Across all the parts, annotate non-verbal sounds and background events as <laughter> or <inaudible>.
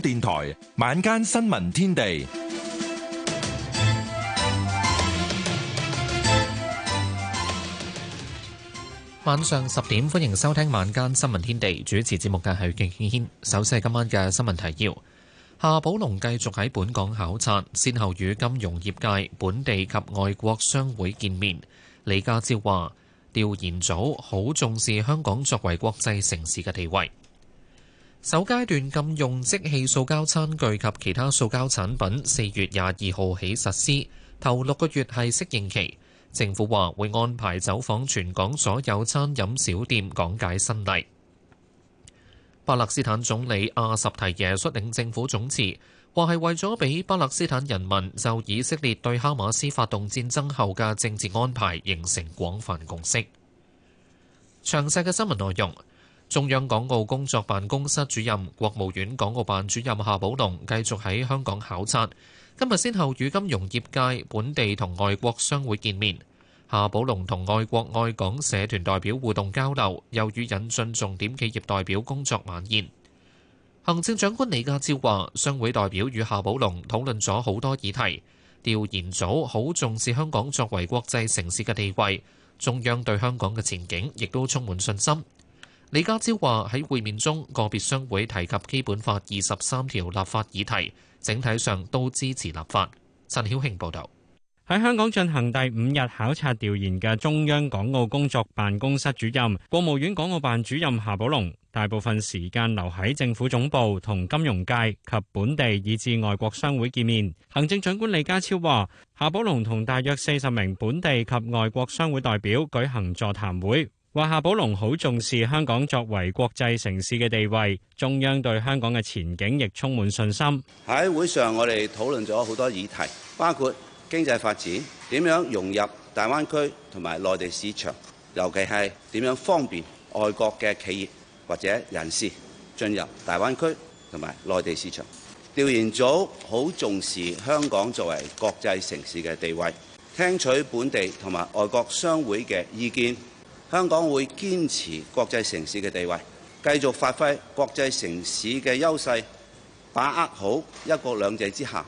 電台晚，晚間新聞天地，晚上十點歡迎收聽晚間新聞天地。主持節目嘅係敬軒，首先係今晚嘅新聞提要。夏寶龍繼續喺本港考察，先後與金融業界、本地及外國商會見面。李家超話，調研組好重視香港作為國際城市嘅地位。首階段禁用即棄塑膠餐具及其他塑膠產品，四月廿二號起實施。頭六個月係適應期。政府話會安排走訪全港所有餐飲小店，講解新例。巴勒斯坦總理阿什提耶率領政府總辭，話，係為咗俾巴勒斯坦人民就以色列對哈馬斯發動戰爭後嘅政治安排形成廣泛共識。詳細嘅新聞內容。。中央港澳工作辦公室主任、國務院港澳辦主任夏寶龍繼續喺香港考察，今日先後與金融業界、本地同外國商會見面。夏寶龍同外國外港社團代表互動交流，又與引進重點企業代表工作晚宴。行政長官李家超話，商會代表與夏寶龍討論咗好多議題。調研組好重視香港作為國際城市嘅地位，中央對香港嘅前景亦都充滿信心。李家超話喺會面中，個別商會提及《基本法》二十三條立法議題，整體上都支持立法。陳曉慶報道，喺香港進行第五日考察調研嘅中央港澳工作辦公室主任、國務院港澳辦主任夏寶龍，大部分時間留喺政府總部同金融界及本地以至外國商會見面。行政長官李家超話，夏寶龍同大約四十名本地及外國商會代表舉行座談會。話夏寶龍好重視香港作為國際城市嘅地位，中央對香港嘅前景亦充滿信心。喺會上，我哋討論咗好多議題，包括經濟發展點樣融入大灣區同埋內地市場，尤其係點樣方便外國嘅企業或者人士進入大灣區同埋內地市場。調研組好重視香港作為國際城市嘅地位，聽取本地同埋外國商會嘅意見。香港會堅持國際城市嘅地位，繼續發揮國際城市嘅優勢，把握好一國兩制之下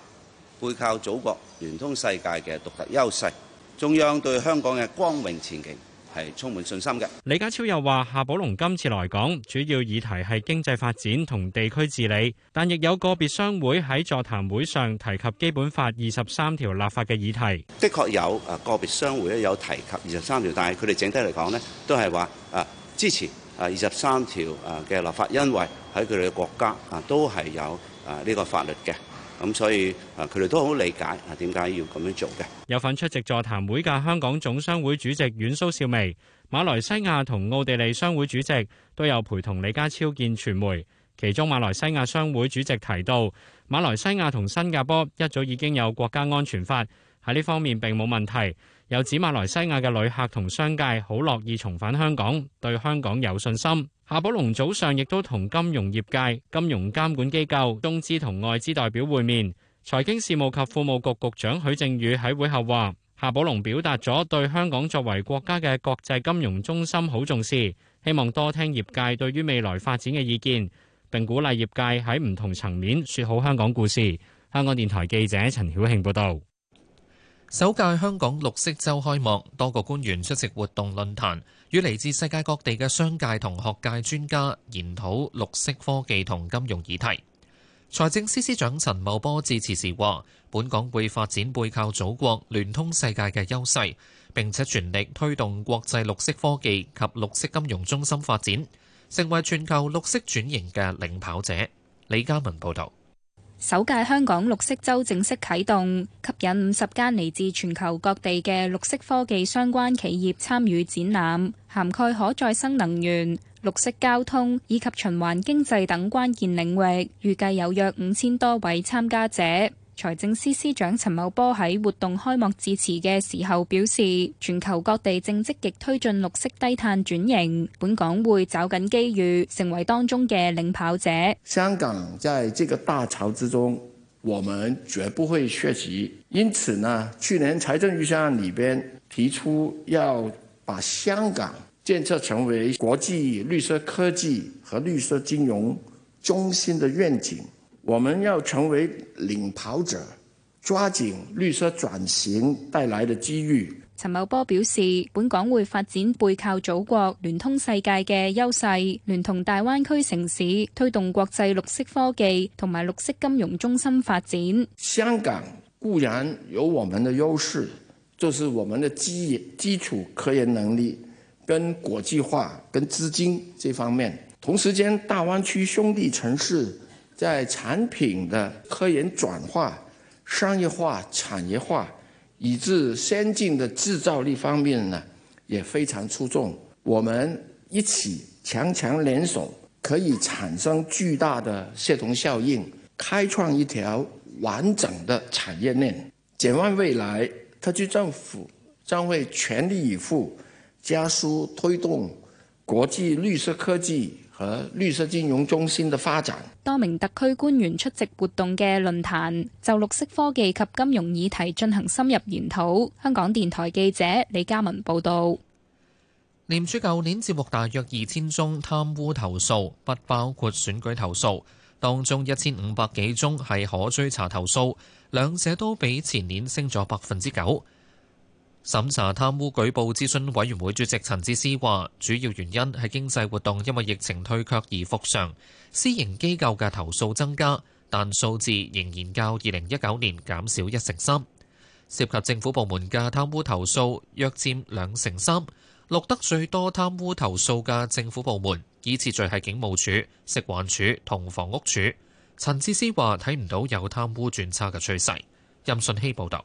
背靠祖國、聯通世界嘅獨特優勢。中央對香港嘅光榮前景，係充滿信心嘅。李家超又話：夏寶龍今次來港，主要議題係經濟發展同地區治理，但亦有個別商會喺座談會上提及《基本法》二十三條立法嘅議題。的確有啊，個別商會咧有提及二十三條，但係佢哋整體嚟講呢，都係話啊支持啊二十三條啊嘅立法，因為喺佢哋嘅國家啊都係有啊呢個法律嘅。咁所以啊，佢哋都好理解啊，點解要咁樣做嘅？有份出席座談會嘅香港總商會主席阮蘇少薇、馬來西亞同奧地利商會主席都有陪同李家超見傳媒。其中馬來西亞商會主席提到，馬來西亞同新加坡一早已經有國家安全法，喺呢方面並冇問題。有指馬來西亞嘅旅客同商界好樂意重返香港，對香港有信心。夏寶龍早上亦都同金融業界、金融監管機構、中資同外資代表會面。財經事務及庫務局局長許正宇喺會後話：夏寶龍表達咗對香港作為國家嘅國際金融中心好重視，希望多聽業界對於未來發展嘅意見，並鼓勵業界喺唔同層面說好香港故事。香港電台記者陳曉慶報道。首屆香港綠色周開幕，多個官員出席活動論壇。與嚟自世界各地嘅商界同學界專家研討綠色科技同金融議題。財政司司長陳茂波致辭時話，本港會發展背靠祖國、聯通世界嘅優勢，並且全力推動國際綠色科技及綠色金融中心發展，成為全球綠色轉型嘅領跑者。李嘉文報道。首屆香港綠色週正式啟動，吸引五十間嚟自全球各地嘅綠色科技相關企業參與展覽，涵蓋可再生能源、綠色交通以及循環經濟等關鍵領域，預計有約五千多位參加者。財政司司長陳茂波喺活動開幕致辭嘅時候表示，全球各地正積極推進綠色低碳轉型，本港會抓緊機遇，成為當中嘅領跑者。香港在這個大潮之中，我們絕不會缺席。因此呢，去年財政預算案裡邊提出要把香港建設成為國際綠色科技和綠色金融中心的願景。我們要成為領跑者，抓緊綠色轉型帶來的機遇。陳茂波表示，本港會發展背靠祖國、聯通世界嘅優勢，聯同大灣區城市，推動國際綠色科技同埋綠色金融中心發展。香港固然有我們的優勢，就是我們的基基礎科研能力，跟國際化、跟資金這方面。同時間，大灣區兄弟城市。在產品的科研轉化、商業化、產業化，以至先進的製造力方面呢，也非常出眾。我們一起強強聯手，可以產生巨大的協同效應，開創一條完整的產業鏈。展望未來，特區政府將會全力以赴，加速推動國際綠色科技。和綠色金融中心的發展。多名特區官員出席活動嘅論壇，就綠色科技及金融議題進行深入研討。香港電台記者李嘉文報道。廉署舊年接獲大約二千宗貪污投訴，不包括選舉投訴，當中一千五百幾宗係可追查投訴，兩者都比前年升咗百分之九。審查貪污舉報諮詢委員會主席陳智思話，主要原因係經濟活動因為疫情退卻而復常，私營機構嘅投訴增加，但數字仍然較二零一九年減少一成三。涉及政府部門嘅貪污投訴約佔兩成三，錄得最多貪污投訴嘅政府部門依次序係警務處、食環署同房屋署。陳智思話，睇唔到有貪污轉差嘅趨勢。任信希報導。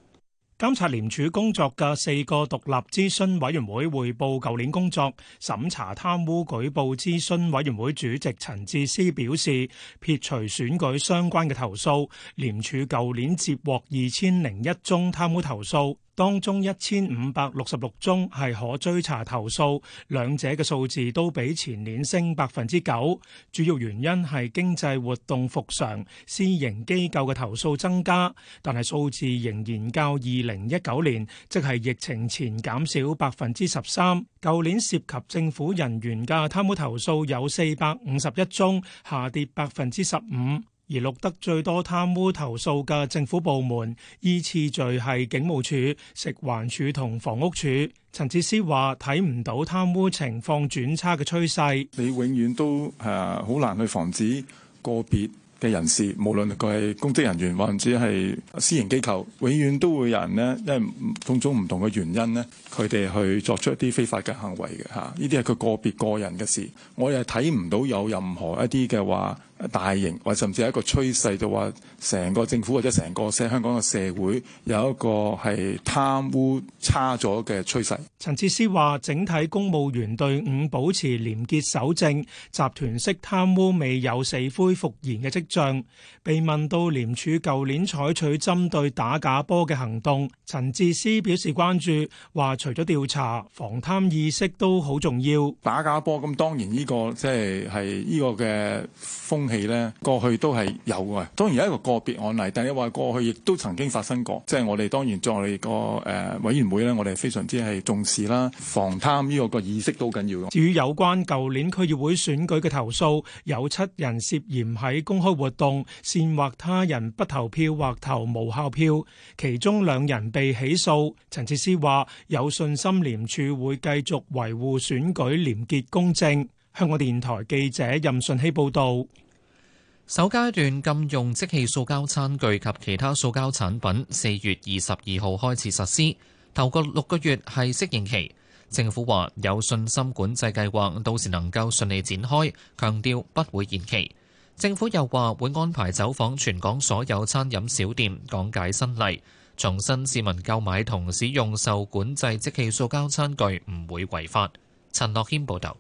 監察廉署工作嘅四個獨立諮詢委員會匯報舊年工作審查貪污舉報。諮詢委員會主席陳智思表示，撇除選舉相關嘅投訴，廉署舊年接獲二千零一宗貪污投訴。當中一千五百六十六宗係可追查投訴，兩者嘅數字都比前年升百分之九，主要原因係經濟活動復常，私營機構嘅投訴增加，但係數字仍然較二零一九年，即係疫情前減少百分之十三。舊年涉及政府人員嘅貪污投訴有四百五十一宗，下跌百分之十五。而錄得最多貪污投訴嘅政府部門，依次序係警務處、食環署同房屋署。陳智思話：睇唔到貪污情況轉差嘅趨勢。你永遠都誒好，啊，難去防止個別嘅人士，無論佢係公職人員或者係私營機構，永遠都會有人呢，因為種種唔同嘅原因呢佢哋去作出一啲非法嘅行為嘅吓。呢啲係佢個別個人嘅事，我又睇唔到有任何一啲嘅話。大型或甚至係一個趨勢就話，是，成個政府或者成個社香港嘅社會有一個係貪污差咗嘅趨勢。陳智思話，整體公務員隊伍保持廉潔守正，集團式貪污未有死灰復燃嘅跡象。被問到廉署舊年採取針對打假波嘅行動，陳智思表示關注，話除咗調查，防貪意識都好重要。打假波咁當然呢，這個即係係呢個嘅風。係咧，過去都係有啊。當然有一個個別案例，但係話過去亦都曾經發生過。即係我哋當然作為個誒委員會呢，我哋非常之係重視啦。防貪呢個個意識都好緊要嘅。至於有關舊年區議會選舉嘅投訴，有七人涉嫌喺公開活動煽惑他人不投票或投無效票，其中兩人被起訴。陳智思話：有信心廉署會繼續維護選舉廉潔公正。香港電台記者任順希報導。首階段禁用即棄塑膠餐具及其他塑膠產品，四月二十二號開始實施。頭個六個月係適應期。政府話有信心管制計劃到時能夠順利展開，強調不會延期。政府又話會安排走訪全港所有餐飲小店，講解新例，重申市民購買同使用受管制即棄塑膠餐具唔會違法。陳樂謙報道。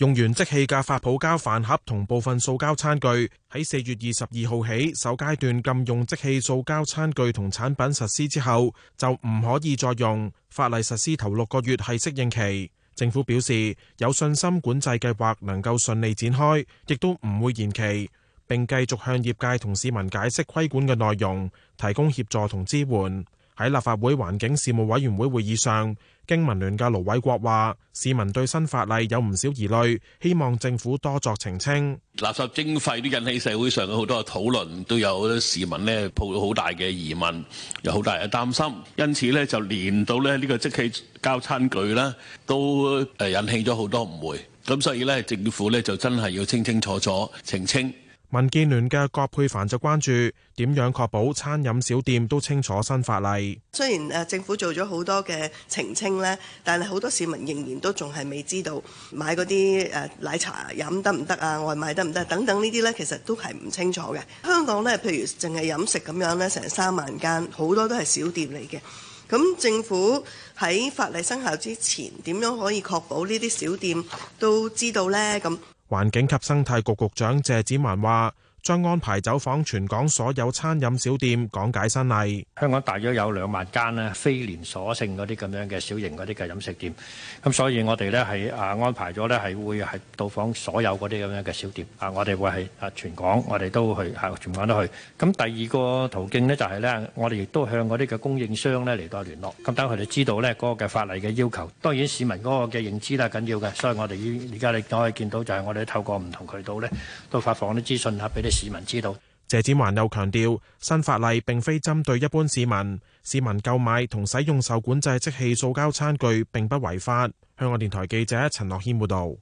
用完即棄嘅發泡膠飯盒同部分塑膠餐具，喺四月二十二號起首階段禁用即棄塑膠餐具同產品實施之後，就唔可以再用。法例實施頭六個月係適應期，政府表示有信心管制計劃能夠順利展開，亦都唔會延期，並繼續向業界同市民解釋規管嘅內容，提供協助同支援。喺立法會環境事務委員會會議上，經民聯嘅盧偉國話：市民對新法例有唔少疑慮，希望政府多作澄清。垃圾徵費都引起社會上好多嘅討論，都有好多市民呢抱到好大嘅疑問，有好大嘅擔心。因此呢就連到呢呢個即棄膠餐具啦，都誒引起咗好多誤會。咁所以呢政府呢就真係要清清楚楚澄清。民建聯嘅葛珮帆就關注點樣確保餐飲小店都清楚新法例。雖然誒政府做咗好多嘅澄清咧，但係好多市民仍然都仲係未知道買嗰啲誒奶茶飲得唔得啊，外賣得唔得等等呢啲呢，其實都係唔清楚嘅。香港呢，譬如淨係飲食咁樣呢，成三萬間，好多都係小店嚟嘅。咁政府喺法例生效之前，點樣可以確保呢啲小店都知道呢？咁環境及生態局局長謝展寰話。將安排走訪全港所有餐飲小店講解新例。香港大約有兩萬間咧，非連鎖性嗰啲咁樣嘅小型嗰啲嘅飲食店，咁所以我哋咧係啊安排咗咧係會係到訪所有嗰啲咁樣嘅小店啊，我哋會係啊全港我哋都去喺全港都去。咁第二個途徑呢就係咧，我哋亦都向嗰啲嘅供應商咧嚟到聯絡。咁等佢哋知道咧嗰個嘅法例嘅要求。當然市民嗰個嘅認知都係緊要嘅。所以我哋而家你可以見到，就係我哋透過唔同渠道咧都發放啲資訊啊俾你。市民知道，謝展環又強調，新法例並非針對一般市民，市民購買同使用受管制即棄塑膠餐具並不違法。香港電台記者陳樂軒報道。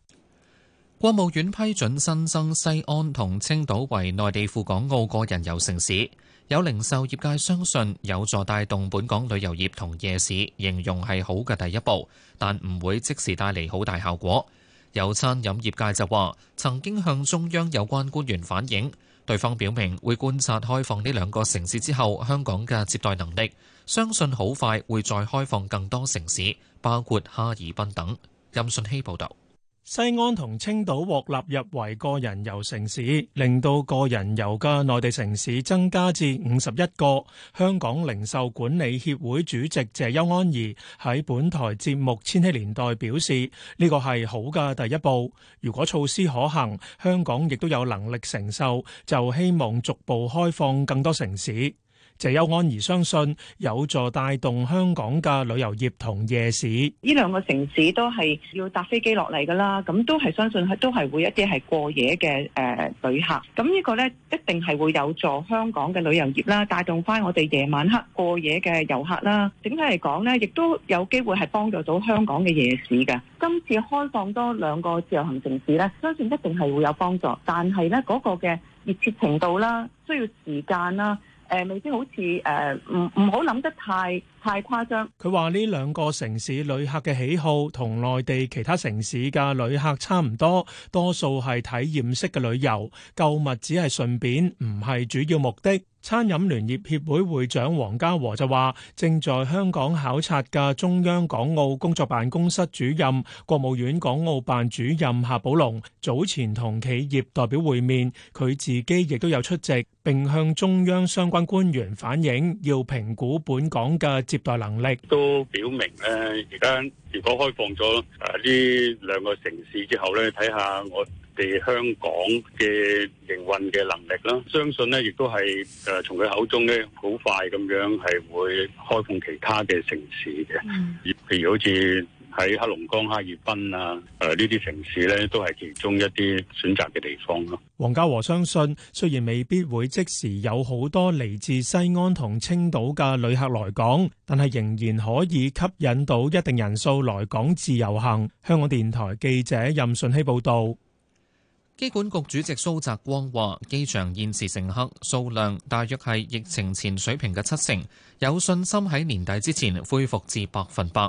國務院批准新增西安同青島為內地赴港澳個人遊城市，有零售業界相信有助帶動本港旅遊業同夜市，形容係好嘅第一步，但唔會即時帶嚟好大效果。有餐飲業界就話，曾經向中央有關官員反映，對方表明會觀察開放呢兩個城市之後，香港嘅接待能力，相信好快會再開放更多城市，包括哈爾濱等。任信希報導。西安同青島獲納入為個人遊城市，令到個人遊嘅內地城市增加至五十一個。香港零售管理協會主席謝優安怡喺本台節目《千禧年代》表示，呢、這個係好嘅第一步。如果措施可行，香港亦都有能力承受，就希望逐步開放更多城市。就有安而相信有助帶動香港嘅旅遊業同夜市，呢兩個城市都係要搭飛機落嚟噶啦，咁都係相信都係會一啲係過夜嘅誒旅客，咁呢個咧一定係會有助香港嘅旅遊業啦，帶動翻我哋夜晚黑過夜嘅遊客啦。整體嚟講咧，亦都有機會係幫助到香港嘅夜市嘅。今次開放多兩個自由行城市咧，相信一定係會有幫助，但係咧嗰個嘅熱切程度啦，需要時間啦。誒未必好似誒，唔、呃、唔好諗得太太誇張，佢話呢兩個城市旅客嘅喜好同內地其他城市嘅旅客差唔多，多數係體驗式嘅旅遊，購物只係順便，唔係主要目的。餐飲聯業協會會長黃家和就話正在香港考察嘅中央港澳工作辦公室主任、國務院港澳辦主任夏寶龍早前同企業代表會面，佢自己亦都有出席，並向中央相關官員反映要評估本港嘅。接待能力都表明咧，而家如果開放咗誒呢兩個城市之後咧，睇下我哋香港嘅營運嘅能力啦。相信咧亦都係誒從佢口中咧好快咁樣係會開放其他嘅城市嘅，譬如好似，喺黑龍江、哈爾濱啊，誒呢啲城市呢都係其中一啲選擇嘅地方咯。黃家和相信，雖然未必會即時有好多嚟自西安同青島嘅旅客來港，但係仍然可以吸引到一定人數來港自由行。香港電台記者任順希報道。機管局主席蘇澤光話，機場現時乘客數量大約係疫情前水平嘅七成，有信心喺年底之前恢復至百分百。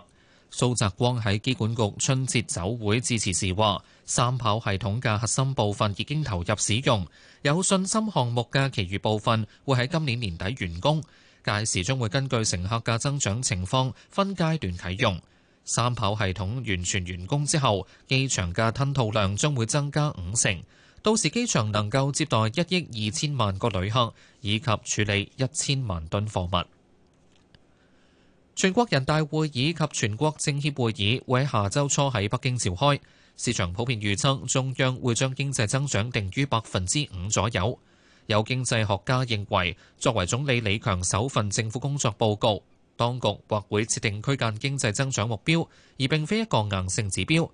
蘇澤光喺機管局春節酒會致辭時話：三跑系統嘅核心部分已經投入使用，有信心項目嘅其餘部分會喺今年年底完工。屆時將會根據乘客嘅增長情況分階段啟用。三跑系統完全完工之後，機場嘅吞吐量將會增加五成，到時機場能夠接待一億二千萬個旅客，以及處理一千萬噸貨物。全國人大會議及全國政協會議會喺下週初喺北京召開。市場普遍預測中央會將經濟增長定於百分之五左右。有經濟學家認為，作為總理李強首份政府工作報告，當局或會設定區間經濟增長目標，而並非一個硬性指標。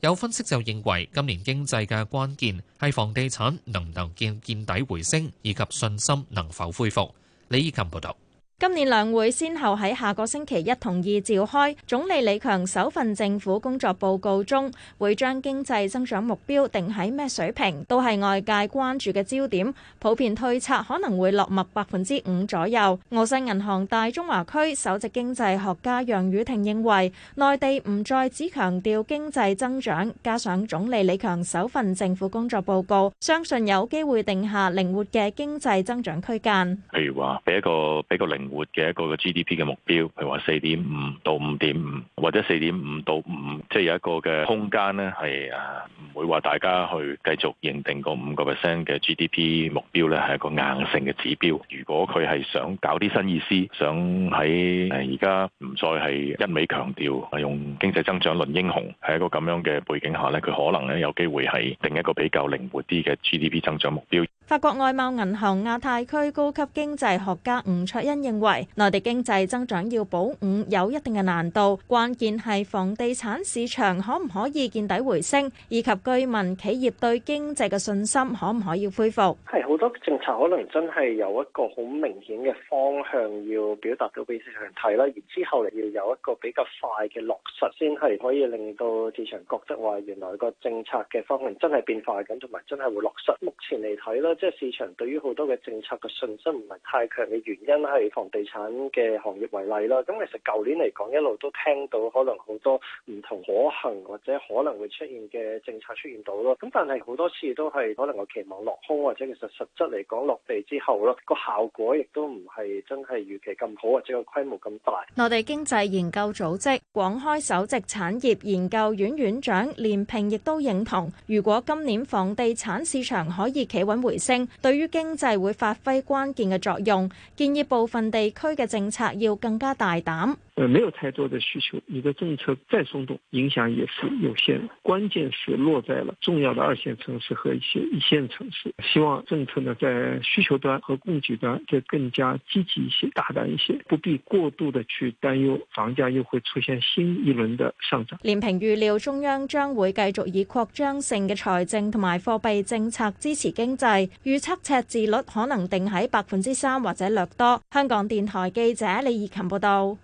有分析就認為，今年經濟嘅關鍵係房地產能唔能見見底回升，以及信心能否恢復。李以琴報道。今年兩會先後喺下個星期一同二召開，總理李強首份政府工作報告中會將經濟增長目標定喺咩水平，都係外界關注嘅焦點。普遍推測可能會落墨百分之五左右。澳新銀行大中華區首席經濟學家楊宇霆認為，內地唔再只強調經濟增長，加上總理李強首份政府工作報告，相信有機會定下靈活嘅經濟增長區間。譬如話俾一個比一個靈活嘅一個嘅 GDP 嘅目標，譬如話四點五到五點五，或者四點五到五，即係有一個嘅空間咧，係啊唔會話大家去繼續認定個五個 percent 嘅 GDP 目標咧係一個硬性嘅指標。如果佢係想搞啲新意思，想喺而家唔再係一味強調用經濟增長論英雄，喺一個咁樣嘅背景下咧，佢可能咧有機會係定一個比較靈活啲嘅 GDP 增長目標。法國外貿銀行亞太區高級經濟學家吳卓恩認為，內地經濟增長要保五有一定嘅難度，關鍵係房地產市場可唔可以見底回升，以及居民企業對經濟嘅信心可唔可以恢復。係好多政策可能真係有一個好明顯嘅方向要表達到俾市場睇啦，然之後嚟，要有一個比較快嘅落實，先係可以令到市場覺得話原來個政策嘅方向真係變化緊，同埋真係會落實。目前嚟睇咧，即係市場對於好多嘅政策嘅信心唔係太強嘅原因係以房地產嘅行業為例啦。咁其實舊年嚟講一路都聽到可能好多唔同可行或者可能會出現嘅政策出現到咯。咁但係好多次都係可能我期望落空，或者其實實質嚟講落地之後咯，個效果亦都唔係真係預期咁好，或者個規模咁大。內地經濟研究組織廣開首席產業研究院院長連平亦都認同，如果今年房地產市場可以企穩回。對於經濟會發揮關鍵嘅作用，建議部分地區嘅政策要更加大膽。誒，沒有太多的需求，你的政策再鬆動，影響也是有限。關鍵是落在了重要的二線城市和一些一線城市。希望政策呢，在需求端和供給端再更加積極一些、大膽一些，不必過度的去擔憂房價又會出現新一輪的上漲。連平預料，中央將會繼續以擴張性嘅財政同埋貨幣政策支持經濟。預測赤字率可能定喺百分之三或者略多。香港電台記者李怡琴報道，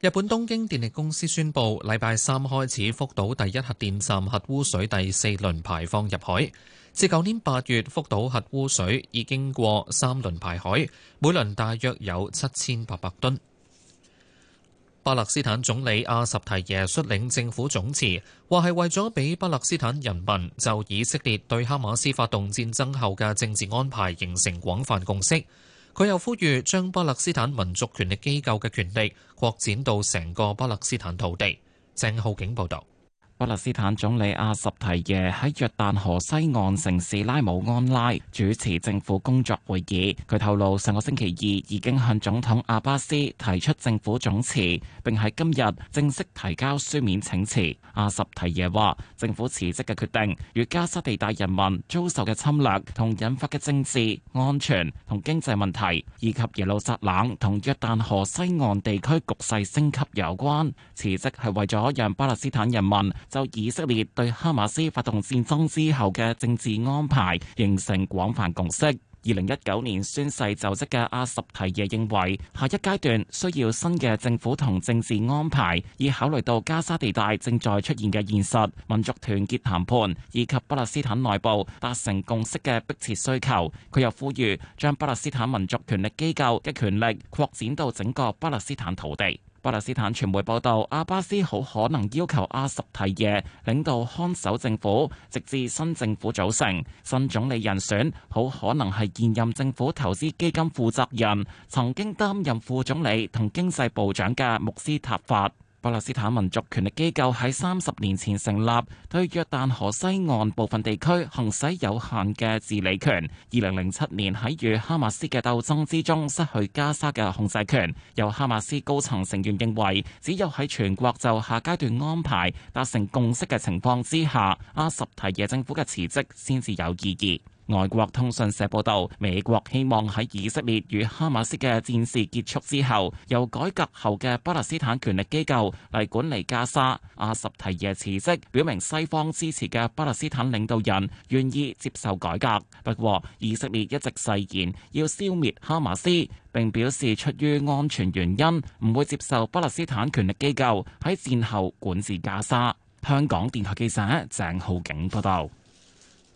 日本東京電力公司宣布，禮拜三開始福島第一核電站核污水第四輪排放入海。至舊年八月福島核污水已經過三輪排海，每輪大約有七千八百噸。巴勒斯坦總理阿什提耶率領政府總辭，話係為咗俾巴勒斯坦人民就以色列對哈馬斯發動戰爭後嘅政治安排形成廣泛共識。佢又呼籲將巴勒斯坦民族權力機構嘅權力擴展到成個巴勒斯坦土地。鄭浩景報道。巴勒斯坦總理阿什提耶喺約旦河西岸城市拉姆安拉主持政府工作會議。佢透露，上個星期二已經向總統阿巴斯提出政府總辭，並喺今日正式提交書面請辭。阿什提耶話，政府辭職嘅決定與加沙地帶人民遭受嘅侵略同引發嘅政治、安全同經濟問題，以及耶路撒冷同約旦河西岸地區局勢升級有關。辭職係為咗讓巴勒斯坦人民就以色列對哈馬斯發動戰爭之後嘅政治安排形成廣泛共識。二零一九年宣誓就職嘅阿什提耶認為，下一階段需要新嘅政府同政治安排，以考慮到加沙地帶正在出現嘅現實民族團結談判，以及巴勒斯坦內部達成共識嘅迫切需求。佢又呼籲將巴勒斯坦民族權力機構嘅權力擴展到整個巴勒斯坦土地。巴勒斯坦傳媒報道，阿巴斯好可能要求阿什提耶領導看守政府，直至新政府組成。新總理人選好可能係現任政府投資基金負責人，曾經擔任副總理同經濟部長嘅穆斯塔法。巴勒斯坦民族權力機構喺三十年前成立，對約旦河西岸部分地區行使有限嘅治理權。二零零七年喺與哈馬斯嘅鬥爭之中，失去加沙嘅控制權。有哈馬斯高層成員認為，只有喺全國就下階段安排達成共識嘅情況之下，阿什提耶政府嘅辭職先至有意義。外國通訊社報道，美國希望喺以色列與哈馬斯嘅戰事結束之後，由改革後嘅巴勒斯坦權力機構嚟管理加沙。阿什提耶辭職，表明西方支持嘅巴勒斯坦領導人願意接受改革。不過，以色列一直誓言要消滅哈馬斯，並表示出於安全原因，唔會接受巴勒斯坦權力機構喺戰後管治加沙。香港電台記者鄭浩景報道。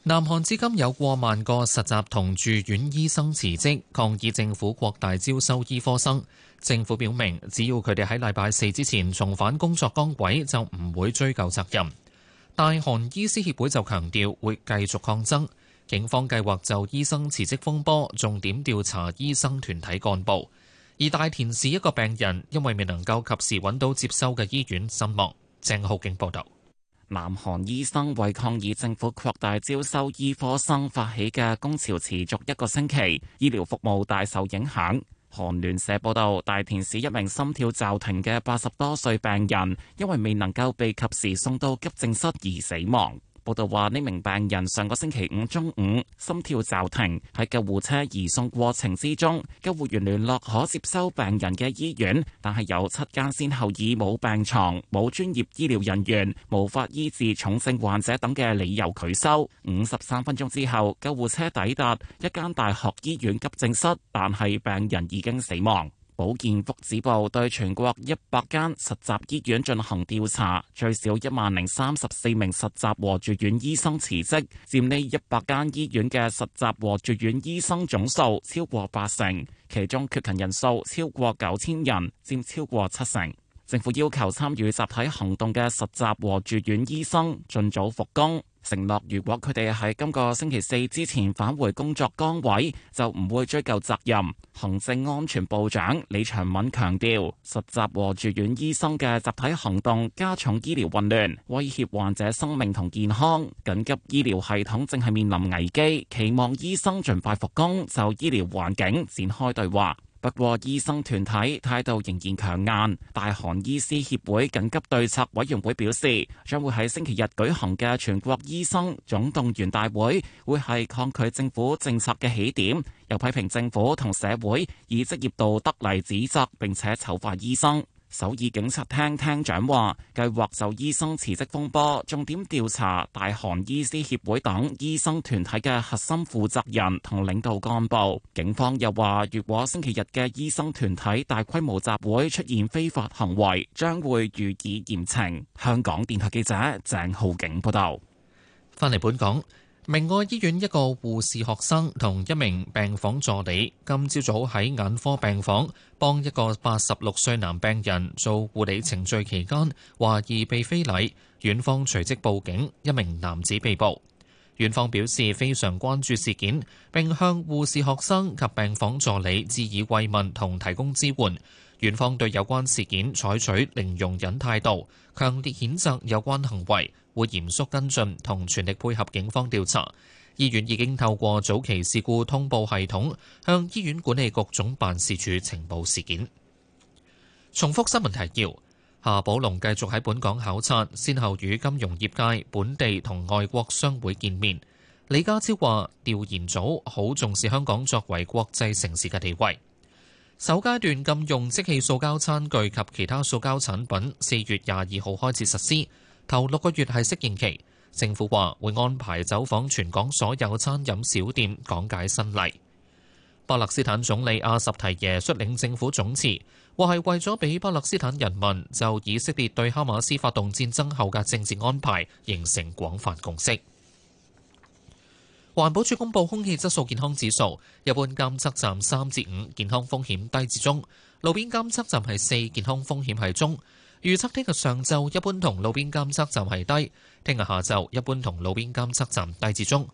南韓至今有過萬個實習同住院醫生辭職抗議政府擴大招收醫科生，政府表明只要佢哋喺禮拜四之前重返工作崗位就唔會追究責任。大韓醫師協會就強調會繼續抗爭。警方計劃就醫生辭職風波重點調查醫生團體幹部，而大田市一個病人因為未能夠及時揾到接收嘅醫院身亡。鄭浩景報導。南韓醫生為抗議政府擴大招收醫科生發起嘅工潮持續一個星期，醫療服務大受影響。韓聯社報導，大田市一名心跳驟停嘅八十多歲病人，因為未能夠被及時送到急症室而死亡。報道話，呢名病人上個星期五中午心跳驟停，喺救護車移送過程之中，救護員聯絡可接收病人嘅醫院，但係有七間先後以冇病床、冇專業醫療人員、無法醫治重症患者等嘅理由拒收。五十三分鐘之後，救護車抵達一間大學醫院急症室，但係病人已經死亡。保健福祉部對全國一百間實習醫院進行調查，最少一萬零三十四名實習和住院醫生辭職，佔呢一百間醫院嘅實習和住院醫生總數超過八成，其中缺勤人數超過九千人，佔超過七成。政府要求參與集體行動嘅實習和住院醫生盡早復工，承諾如果佢哋喺今個星期四之前返回工作崗位，就唔會追究責任。行政安全部長李祥敏強調，實習和住院醫生嘅集體行動加重醫療混亂，威脅患者生命同健康，緊急醫療系統正係面臨危機，期望醫生盡快復工，就醫療環境展開對話。不過，醫生團體態度仍然強硬。大韓醫師協會緊急對策委員會表示，將會喺星期日舉行嘅全國醫生總動員大會，會係抗拒政府政策嘅起點，又批評政府同社會以職業道德嚟指責，並且醜化醫生。首爾警察廳廳長話，計劃就醫生辭職風波，重點調查大韓醫師協會等醫生團體嘅核心負責人同領導幹部。警方又話，如果星期日嘅醫生團體大規模集會出現非法行為，將會予以嚴懲。香港電台記者鄭浩景報道。翻嚟本港。明愛醫院一個護士學生同一名病房助理今朝早喺眼科病房幫一個八十六歲男病人做護理程序期間，懷疑被非禮，院方隨即報警，一名男子被捕。院方表示非常關注事件，並向護士學生及病房助理致以慰問同提供支援。院方對有關事件採取零容忍態度，強烈譴責有關行為，會嚴肅跟進同全力配合警方調查。醫院已經透過早期事故通報系統向醫院管理局總辦事處呈報事件。重複新聞提要：夏寶龍繼續喺本港考察，先後與金融業界、本地同外國商會見面。李家超話：調研組好重視香港作為國際城市嘅地位。首階段禁用即棄塑膠餐具及其他塑膠產品，四月廿二號開始實施。頭六個月係適應期，政府話會安排走訪全港所有餐飲小店，講解新例。巴勒斯坦總理阿什提耶率領政府總辭，話係為咗俾巴勒斯坦人民就以色列對哈馬斯發動戰爭後嘅政治安排形成廣泛共識。環保署公布空氣質素健康指數，一般監測站三至五，健康風險低至中；路邊監測站係四，健康風險係中。預測聽日上晝一般同路邊監測站係低，聽日下晝一般同路邊監測站低至中。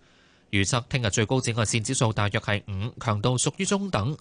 預測聽日最高紫外綫指數大約係五，強度屬於中等。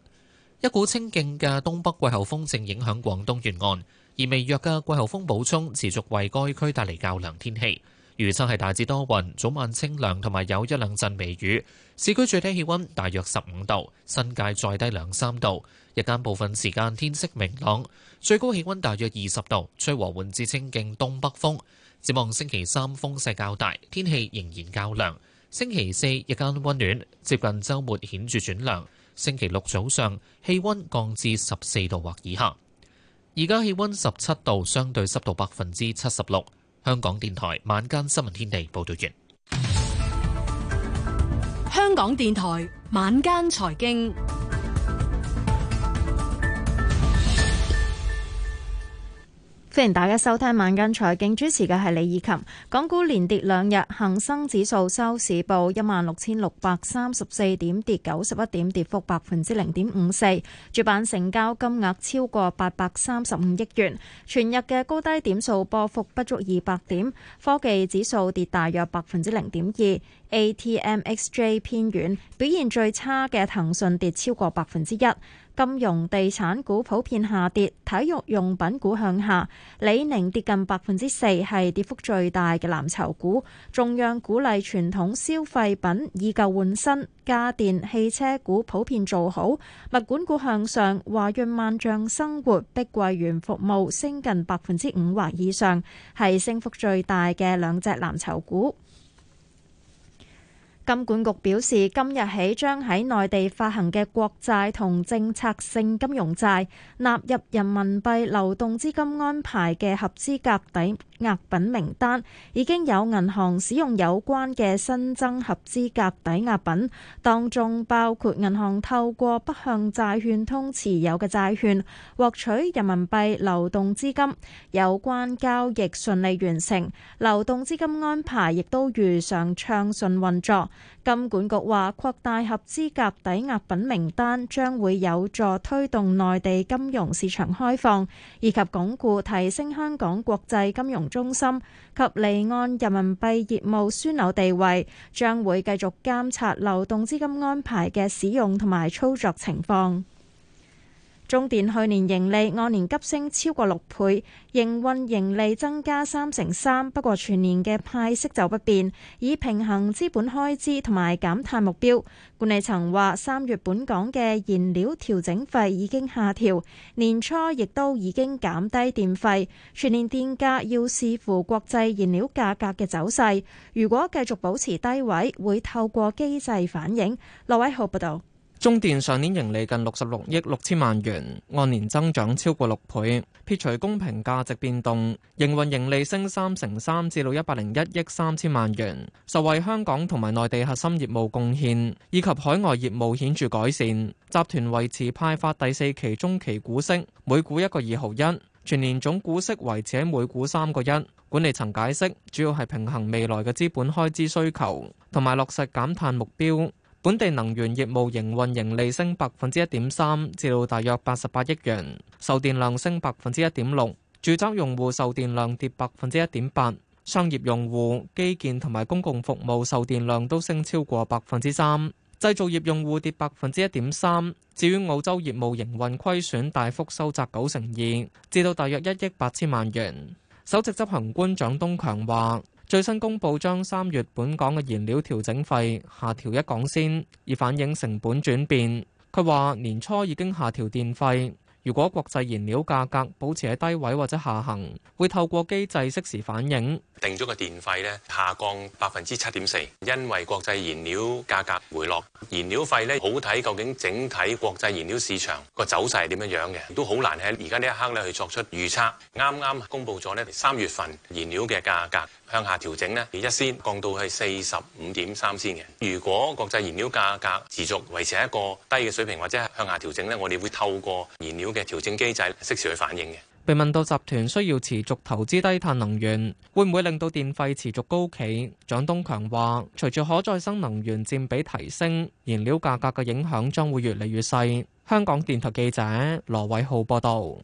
一股清勁嘅東北季候風正影響廣東沿岸，而微弱嘅季候風補充持續為該區帶嚟較涼天氣。預測係大致多雲，早晚清涼，同埋有一兩陣微雨。市區最低氣溫大約十五度，新界再低兩三度。日間部分時間天色明朗，最高氣溫大約二十度，吹和緩至清勁東北風。展望星期三風勢較大，天氣仍然較涼。星期四日間溫暖，接近週末顯著轉涼。星期六早上氣溫降至十四度或以下。而家氣溫十七度，相對濕度百分之七十六。香港電台晚間新聞天地報道完。香港電台晚間財經。歡迎大家收聽《晚間財經》，經主持嘅係李以琴。港股連跌兩日，恒生指數收市報一萬六千六百三十四點，跌九十一點，跌幅百分之零點五四。主板成交金額超過八百三十五億元，全日嘅高低點數波幅不足二百點。科技指數跌大約百分之零點二。A T M X J 偏軟，表現最差嘅騰訊跌超過百分之一。金融地產股普遍下跌，體育用品股向下，李寧跌近百分之四，係跌幅最大嘅藍籌股。中央鼓勵傳統消費品以舊換新，家電汽車股普遍做好，物管股向上，華潤萬象生活、碧桂園服務升近百分之五或以上，係升幅最大嘅兩隻藍籌股。金管局表示，今日起將喺內地發行嘅國債同政策性金融債納入人民幣流動資金安排嘅合資格底押品名單已經有銀行使用有關嘅新增合資格抵押品，當中包括銀行透過北向債券通持有嘅債券獲取人民幣流動資金，有關交易順利完成，流動資金安排亦都如常暢順運作。金管局話擴大合資格抵押品名單將會有助推動內地金融市場開放，以及鞏固提升香港國際金融。中心及離岸人民幣業務樞紐地位，將會繼續監察流動資金安排嘅使用同埋操作情況。中電去年盈利按年急升超過六倍，營運盈利增加三成三，不過全年嘅派息就不變，以平衡資本開支同埋減碳目標。管理層話，三月本港嘅燃料調整費已經下調，年初亦都已經減低電費，全年電價要視乎國際燃料價格嘅走勢。如果繼續保持低位，會透過機制反映。羅偉浩報道。中電上年盈利近六十六億六千萬元，按年增長超過六倍。撇除公平價值變動，營運盈利升三成三至到一百零一億三千萬元，受惠香港同埋內地核心業務貢獻，以及海外業務顯著改善。集團維持派發第四期中期股息，每股一個二毫一，全年總股息維持喺每股三個一。管理層解釋，主要係平衡未來嘅資本開支需求，同埋落實減碳目標。本地能源業務營運盈利升百分之一點三，至到大約八十八億元；售電量升百分之一點六，住宅用戶售電量跌百分之一點八，商業用戶、基建同埋公共服務售電量都升超過百分之三，製造業用戶跌百分之一點三。至於澳洲業務營運虧損大幅收窄九成二，至到大約一億八千萬元。首席執行官蔣東強話：最新公布將三月本港嘅燃料調整費下調一港仙，以反映成本轉變。佢話年初已經下調電費。如果國際燃料價格保持喺低位或者下行，會透過機制適時反映。定咗嘅電費咧下降百分之七點四，因為國際燃料價格回落。燃料費咧好睇究竟整體國際燃料市場個走勢係點樣樣嘅，都好難喺而家呢一刻咧去作出預測。啱啱公布咗咧三月份燃料嘅價格向下調整呢而一先降到係四十五點三先嘅。如果國際燃料價格持續維持喺一個低嘅水平或者係向下調整咧，我哋會透過燃料嘅調整機制，適時去反映嘅。被問到集團需要持續投資低碳能源，會唔會令到電費持續高企？蔣東強話：隨住可再生能源佔比提升，燃料價格嘅影響將會越嚟越細。香港電台記者羅偉浩報導。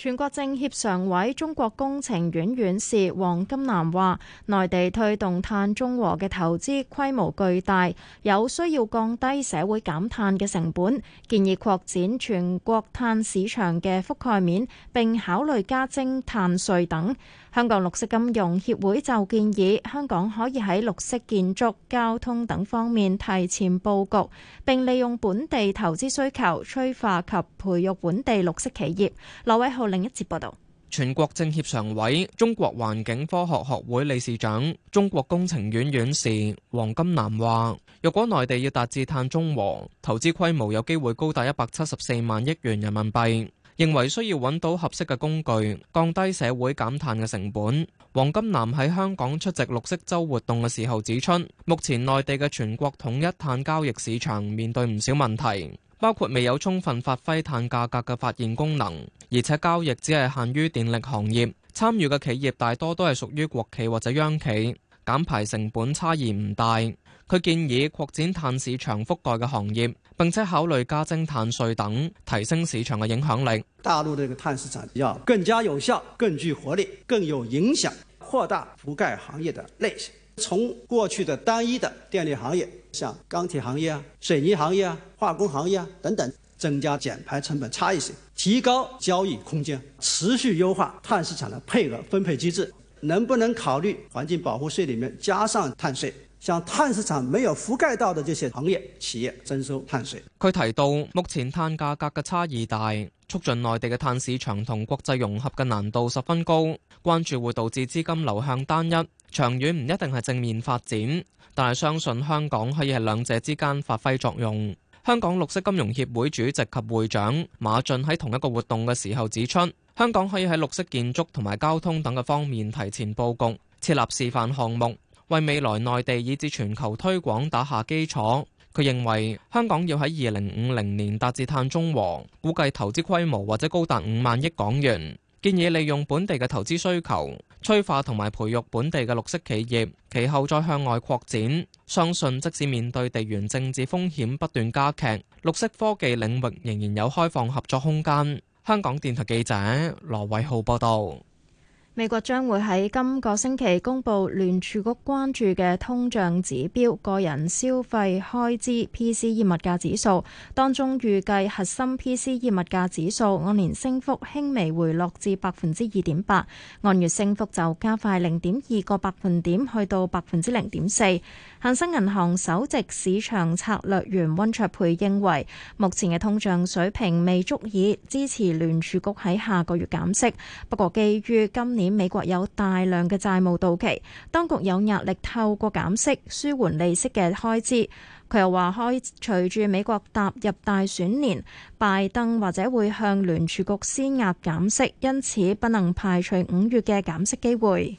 全國政協常委、中國工程院院士黃金南話，內地推動碳中和嘅投資規模巨大，有需要降低社會減碳嘅成本，建議擴展全國碳市場嘅覆蓋面，並考慮加徵碳稅等。香港綠色金融協會就建議，香港可以喺綠色建築、交通等方面提前佈局，並利用本地投資需求，催化及培育本地綠色企業。劉偉浩另一節報道。全國政協常委、中國環境科學學會理事長、中國工程院院士黃金南話：「若果內地要達至碳中和，投資規模有機會高達一百七十四萬億元人民幣。認為需要揾到合適嘅工具，降低社會減碳嘅成本。王金南喺香港出席綠色周活動嘅時候指出，目前內地嘅全國統一碳交易市場面對唔少問題，包括未有充分發揮碳價格嘅發現功能，而且交易只係限於電力行業，參與嘅企業大多都係屬於國企或者央企，減排成本差異唔大。佢建議擴展碳市場覆蓋嘅行業，並且考慮加徵碳稅等，提升市場嘅影響力。大陸呢個碳市場要更加有效、更具活力、更有影響，擴大覆蓋行業的類型，從過去的單一的電力行業，像鋼鐵行業啊、水泥行業啊、化工行業啊等等，增加減排成本差異性，提高交易空間，持續優化碳市場的配額分配機制，能不能考慮環境保護稅裡面加上碳稅？向碳市場沒有覆蓋到的這些行業企業徵收碳稅。佢提到，目前碳價格嘅差異大，促進內地嘅碳市場同國際融合嘅難度十分高，關注會導致資金流向單一，長遠唔一定係正面發展。但係相信香港可以喺兩者之間發揮作用。香港綠色金融協會主席及會長馬駿喺同一個活動嘅時候指出，香港可以喺綠色建築同埋交通等嘅方面提前佈局，設立示範項目。為未來內地以至全球推廣打下基礎。佢認為香港要喺二零五零年達至碳中和，估計投資規模或者高達五萬億港元。建議利用本地嘅投資需求，催化同埋培育本地嘅綠色企業，其後再向外擴展。相信即使面對地緣政治風險不斷加劇，綠色科技領域仍然有開放合作空間。香港電台記者羅偉浩報道。美國將會喺今個星期公佈聯儲局關注嘅通脹指標，個人消費開支 PCE 物價指數。當中預計核心 PCE 物價指數按年升幅輕微回落至百分之二點八，按月升幅就加快零點二個百分點，去到百分之零點四。恒生銀行首席市場策略員温卓培認為，目前嘅通脹水平未足以支持聯儲局喺下個月減息。不過，基於今年美國有大量嘅債務到期，當局有壓力透過減息舒緩利息嘅開支。佢又話，開隨住美國踏入大選年，拜登或者會向聯儲局施壓減息，因此不能排除五月嘅減息機會。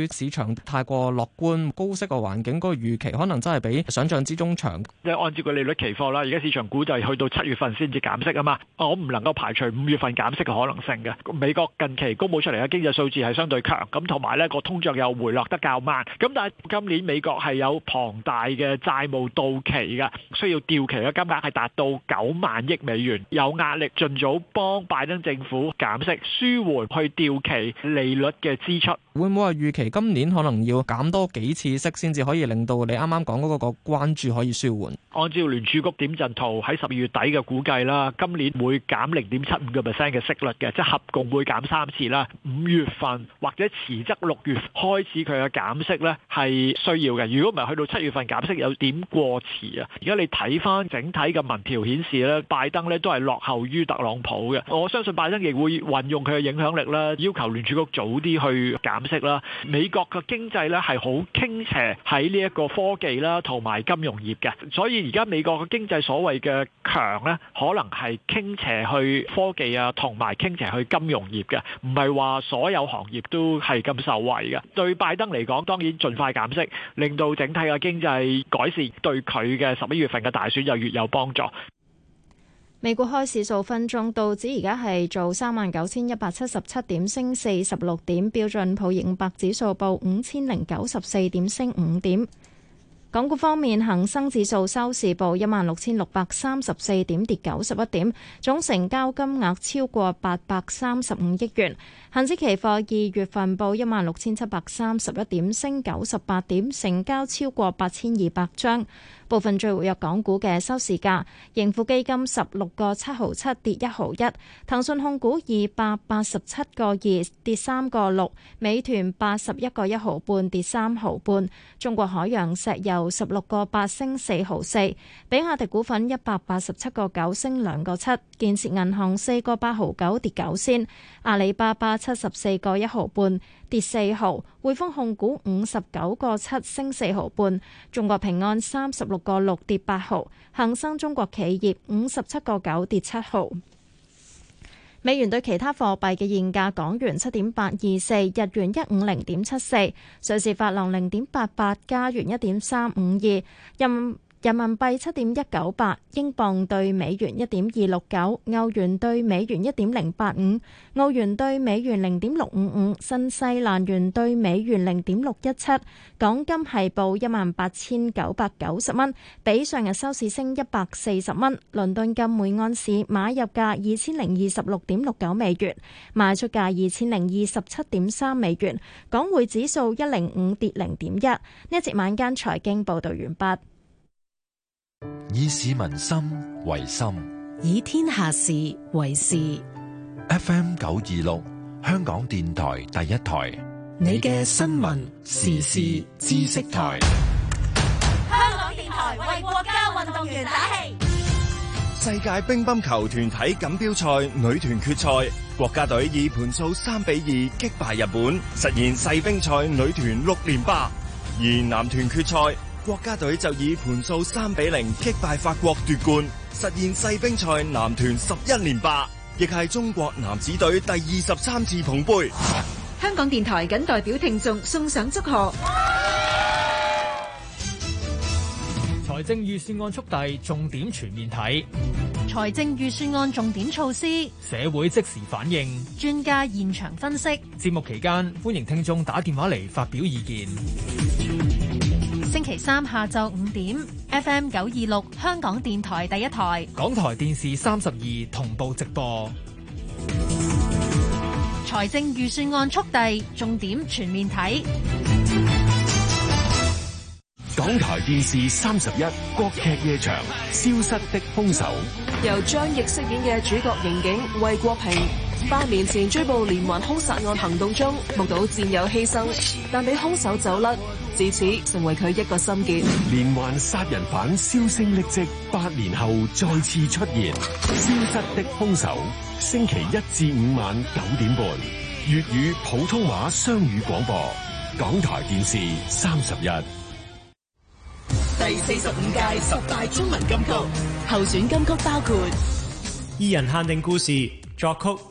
市場太過樂觀、高息個環境，嗰個預期可能真係比想象之中長。即係按照個利率期貨啦，而家市場估計去到七月份先至減息啊嘛，我唔能夠排除五月份減息嘅可能性嘅。美國近期公布出嚟嘅經濟數字係相對強，咁同埋呢個通脹又回落得較慢。咁但係今年美國係有龐大嘅債務到期㗎，需要調期嘅金額係達到九萬億美元，有壓力盡早幫拜登政府減息，舒緩去調期利率嘅支出。會唔會係預期今年可能要減多幾次息先至可以令到你啱啱講嗰個個關注可以舒緩？按照聯儲局點陣圖喺十二月底嘅估計啦，今年會減零點七五個 percent 嘅息率嘅，即係合共會減三次啦。五月份或者遲則六月開始佢嘅減息呢係需要嘅。如果唔係去到七月份減息有點過遲啊。而家你睇翻整體嘅民調顯示，呢拜登呢都係落後於特朗普嘅。我相信拜登亦會運用佢嘅影響力啦，要求聯儲局早啲去減。息啦，美國嘅經濟咧係好傾斜喺呢一個科技啦，同埋金融業嘅，所以而家美國嘅經濟所謂嘅強咧，可能係傾斜去科技啊，同埋傾斜去金融業嘅，唔係話所有行業都係咁受惠嘅。對拜登嚟講，當然盡快減息，令到整體嘅經濟改善，對佢嘅十一月份嘅大選就越有幫助。美股開市數分鐘，道指而家係做三萬九千一百七十七點，升四十六點；標準普爾五百指數報五千零九十四點，升五點。港股方面，恒生指數收市報一萬六千六百三十四點，跌九十一點；總成交金額超過八百三十五億元。恒指期貨二月份報一萬六千七百三十一點，升九十八點，成交超過八千二百張。部分最活躍港股嘅收市價：盈富基金十六個七毫七跌一毫一，騰訊控股二百八十七個二跌三個六，美團八十一個一毫半跌三毫半，中國海洋石油十六個八升四毫四，比亞迪股份一百八十七個九升兩個七，建設銀行四個八毫九跌九仙，阿里巴巴七十四個一毫半跌四毫，匯豐控股五十九個七升四毫半，中國平安三十六個六跌八毫，恒生中國企業五十七個九跌七毫，美元對其他貨幣嘅現價：港元七點八二四，日元一五零點七四，瑞士法郎零點八八，加元一點三五二，任。人民幣七點一九八，英鎊兌美元一點二六九，歐元兌美元一點零八五，澳元兌美元零點六五五，新西蘭元兌美元零點六一七。港金係報一萬八千九百九十蚊，比上日收市升一百四十蚊。倫敦金每盎司買入價二千零二十六點六九美元，賣出價二千零二十七點三美元。港匯指數一零五跌零點一。呢一節晚間財經報道完畢。以市民心為心，以天下事為事。FM 九二六，香港電台第一台，你嘅新聞時事知識台。香港電台為國家運動員打氣。世界乒乓球團體錦標賽女團決賽，國家隊以盤數三比二擊敗日本，實現世乒賽女團六連霸。而男團決賽，國家隊就以盤數三比零擊敗法國奪冠，實現世乒賽男團十一連霸，亦係中國男子隊第二十三次捧盃。香港電台謹代表聽眾送上祝賀。財 <noise> 政預算案速遞，重點全面睇。財 <noise> 政預算案重點措施 <noise> ，社會即時反應，專家現場分析。節 <noise> 目期間，歡迎聽眾打電話嚟發表意見。星期三下晝五點，FM 九二六香港電台第一台，港台電視三十二同步直播。財政預算案速遞，重點全面睇。港台電視三十一國劇夜場，《消失的凶手》由張譯飾演嘅主角刑警魏國平。八年前追捕連環凶殺案行動中，目睹戰友犧牲，但俾凶手走甩，自此成為佢一個心結。連環殺人犯銷聲匿跡，八年後再次出現。 <laughs> 消失的凶手。星期一至五晚九點半，粵語普通話雙語廣播，港台電視三十一。第四十五屆十大中文金曲候選金曲包括《二人限定故事》，作曲。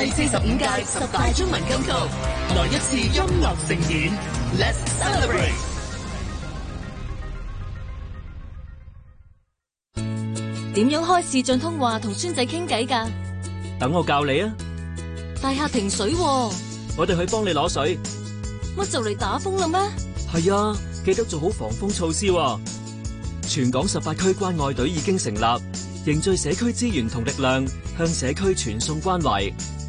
第四十五屆十大中文金曲，來一次音樂盛典。Let's celebrate。點樣開視像通話同孫仔傾偈㗎？等我教你啊！大廈停水，我哋去幫你攞水。乜就嚟打風喇咩？係啊，記得做好防風措施。全港十八區關愛隊已經成立，凝聚社區資源同力量，向社區傳送關懷。